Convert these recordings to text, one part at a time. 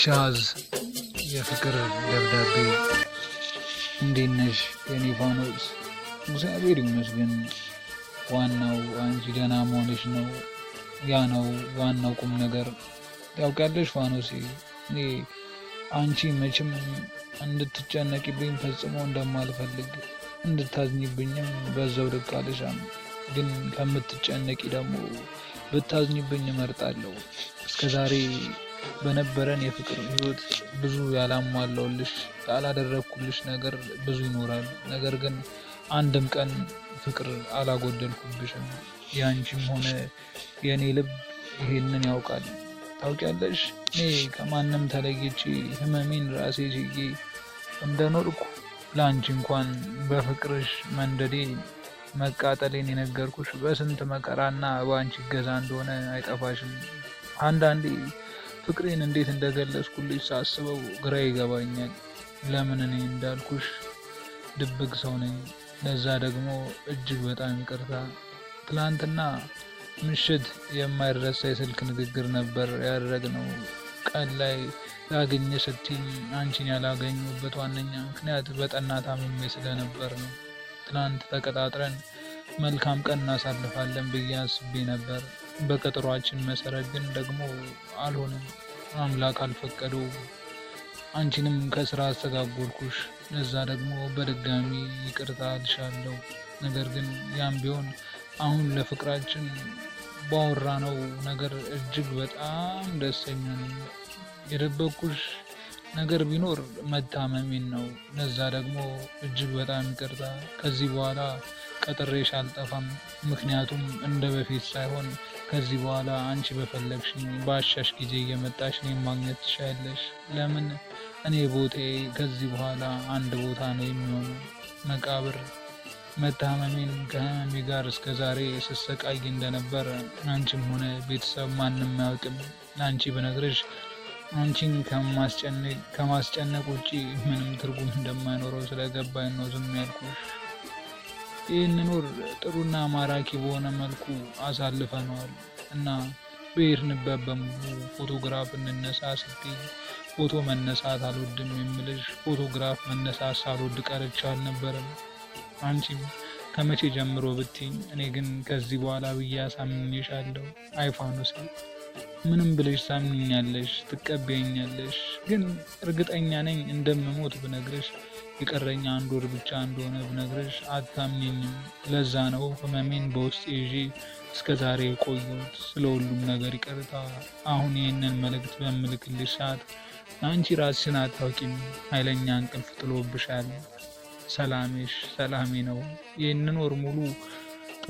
ሻዝ የፍቅር ደብዳቤ። እንዴት ነሽ የኔ ፋኖስ? እግዚአብሔር ይመስገን። ዋናው አንቺ ደህና መሆንሽ ነው። ያ ነው ዋናው ቁም ነገር። ያውቃለሽ ፋኖሴ፣ እኔ አንቺ መቼም እንድትጨነቂብኝ ፈጽሞ እንደማልፈልግ እንድታዝኝብኝም በዛው ልክ ግን ከምትጨነቂ ደግሞ ብታዝኝብኝ እመርጣለሁ። እስከዛሬ በነበረን የፍቅር ህይወት ብዙ ያላሟላውልሽ ያላደረግኩልሽ ነገር ብዙ ይኖራል። ነገር ግን አንድም ቀን ፍቅር አላጎደልኩብሽም። የአንቺም ሆነ የእኔ ልብ ይሄንን ያውቃል። ታውቂያለሽ፣ እኔ ከማንም ተለይቼ ህመሜን ራሴ ችዬ እንደኖርኩ ለአንቺ እንኳን በፍቅርሽ መንደዴ መቃጠሌን የነገርኩሽ በስንት መከራና በአንቺ እገዛ እንደሆነ አይጠፋሽም። አንዳንዴ ፍቅሬን እንዴት እንደገለጽኩልሽ ሳስበው ግራ ይገባኛል። ለምን እኔ እንዳልኩሽ ድብቅ ሰው ነኝ። ለዛ ደግሞ እጅግ በጣም ይቅርታ። ትላንትና ምሽት የማይረሳ የስልክ ንግግር ነበር ያደረግነው። ቀን ላይ ላገኘ ስትኝ አንቺን ያላገኙበት ዋነኛ ምክንያት በጠና ታምሜ ስለነበር ነው። ትናንት ተቀጣጥረን መልካም ቀን እናሳልፋለን ብዬ አስቤ ነበር። በቀጠሯችን መሰረት ግን ደግሞ አልሆነም። አምላክ አልፈቀደው። አንቺንም ከስራ አስተጋጎልኩሽ። እዛ ደግሞ በድጋሚ ይቅርታ እልሻለሁ። ነገር ግን ያም ቢሆን አሁን ለፍቅራችን ባወራ ነው ነገር እጅግ በጣም ደስተኛ ነኝ። የደበቅኩሽ ነገር ቢኖር መታመሜን ነው። ለዛ ደግሞ እጅግ በጣም ይቅርታ። ከዚህ በኋላ ቀጥሬሽ አልጠፋም። ምክንያቱም እንደ በፊት ሳይሆን ከዚህ በኋላ አንቺ በፈለግሽኝ በአሻሽ ጊዜ እየመጣሽ እኔን ማግኘት ትሻለሽ። ለምን እኔ ቦታዬ ከዚህ በኋላ አንድ ቦታ ነው የሚሆኑ መቃብር። መታመሜን ከህመሜ ጋር እስከ ዛሬ ስሰቃይ እንደነበር አንቺም ሆነ ቤተሰብ ማንም አያውቅም። ለአንቺ ብነግርሽ አንቺን ከማስጨነቅ ውጪ ምንም ትርጉም እንደማይኖረው ስለገባኝ ነው ዝም ያልኩሽ። ይህን ኖር ጥሩና ማራኪ በሆነ መልኩ አሳልፈነዋል እና በሄድንበት በሙሉ ፎቶግራፍ እንነሳ ስትይ ፎቶ መነሳት አልወድም የምልሽ ፎቶግራፍ መነሳት ሳልወድ ቀርቼ አልነበረም። አንቺም ከመቼ ጀምሮ ብትኝ፣ እኔ ግን ከዚህ በኋላ ብዬ አሳምኜሻለሁ አይፋኖሴ። ምንም ብለሽ ሳምኛለሽ፣ ትቀበኛለሽ። ግን እርግጠኛ ነኝ እንደምሞት ብነግረሽ የቀረኝ አንድ ወር ብቻ እንደሆነ ብነግረሽ አታምኝኝም ለዛ ነው ህመሜን በውስጥ ይዤ እስከ ዛሬ የቆዩት ስለ ሁሉም ነገር ይቀርታ አሁን ይህንን መልእክት በምልክልሽ ሰዓት አንቺ ራስሽን አታውቂም። ኃይለኛ እንቅልፍ ጥሎብሻል። ሰላሜሽ ሰላሜ ነው። ይህንን ወር ሙሉ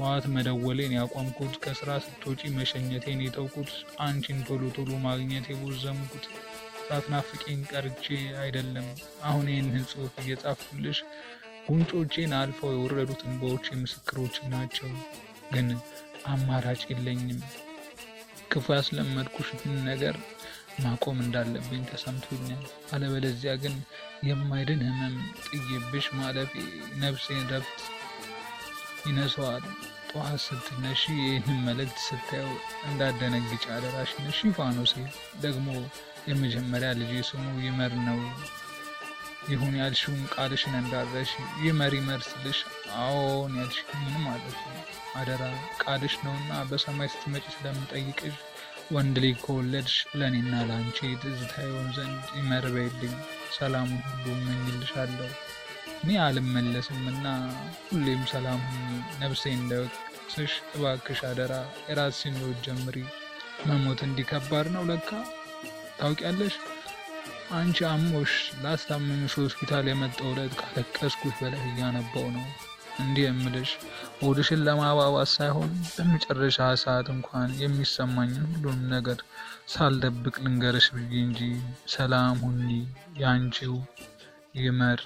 ጠዋት መደወሌን ያቆምኩት፣ ከስራ ስትወጪ መሸኘቴን የተውኩት፣ አንቺን ቶሎ ቶሎ ማግኘት የቦዘምኩት፣ ሳትናፍቂኝ ቀርቼ አይደለም አሁን ይህንን ጽሑፍ እየጻፍኩልሽ። ጉንጮቼን አልፈው የወረዱት እንባዎች ምስክሮች ናቸው። ግን አማራጭ የለኝም። ክፉ ያስለመድኩሽን ነገር ማቆም እንዳለብኝ ተሰምቶኛል። አለበለዚያ ግን የማይድን ህመም ጥዬብሽ ማለፌ ነፍሴን ረፍት ይነሰዋል ጠዋት ስትነሺ ይህን መልእክት ስታየው እንዳደነግጭ አደራሽን። ፋኖሴ ደግሞ የመጀመሪያ ልጅ ስሙ ይመር ነው። ይሁን ያልሽውን ቃልሽን እንዳረሽ ይመር ይመር ስልሽ አዎን ያልሽ ምን ማለት ነው? አደራ ቃልሽ ነውና በሰማይ ስትመጪ ስለምጠይቅሽ ወንድ ልጅ ከወለድሽ ለእኔና ለአንቺ ትዝታ ይሆን ዘንድ ይመር በይልኝ። ሰላሙን ሁሉ እመኝልሻለሁ። እኔ አልመለስም እና ሁሌም ሰላም ሁኚ። ነፍሴ እንዳይወቅስሽ እባክሽ አደራ። የራስሽን ሕይወት ጀምሪ። መሞት እንዲከባድ ነው ለካ ታውቂያለሽ። አንቺ አሞሽ ላስታመምሽ ሆስፒታል የመጣው ዕለት ካለቀስኩሽ በላይ እያነባው ነው። እንዲህ የምልሽ ሆድሽን ለማባባት ሳይሆን በመጨረሻ ሰዓት እንኳን የሚሰማኝን ሁሉንም ነገር ሳልደብቅ ልንገርሽ ብዬ እንጂ ሰላም ሁኚ። ያንቺው ይመር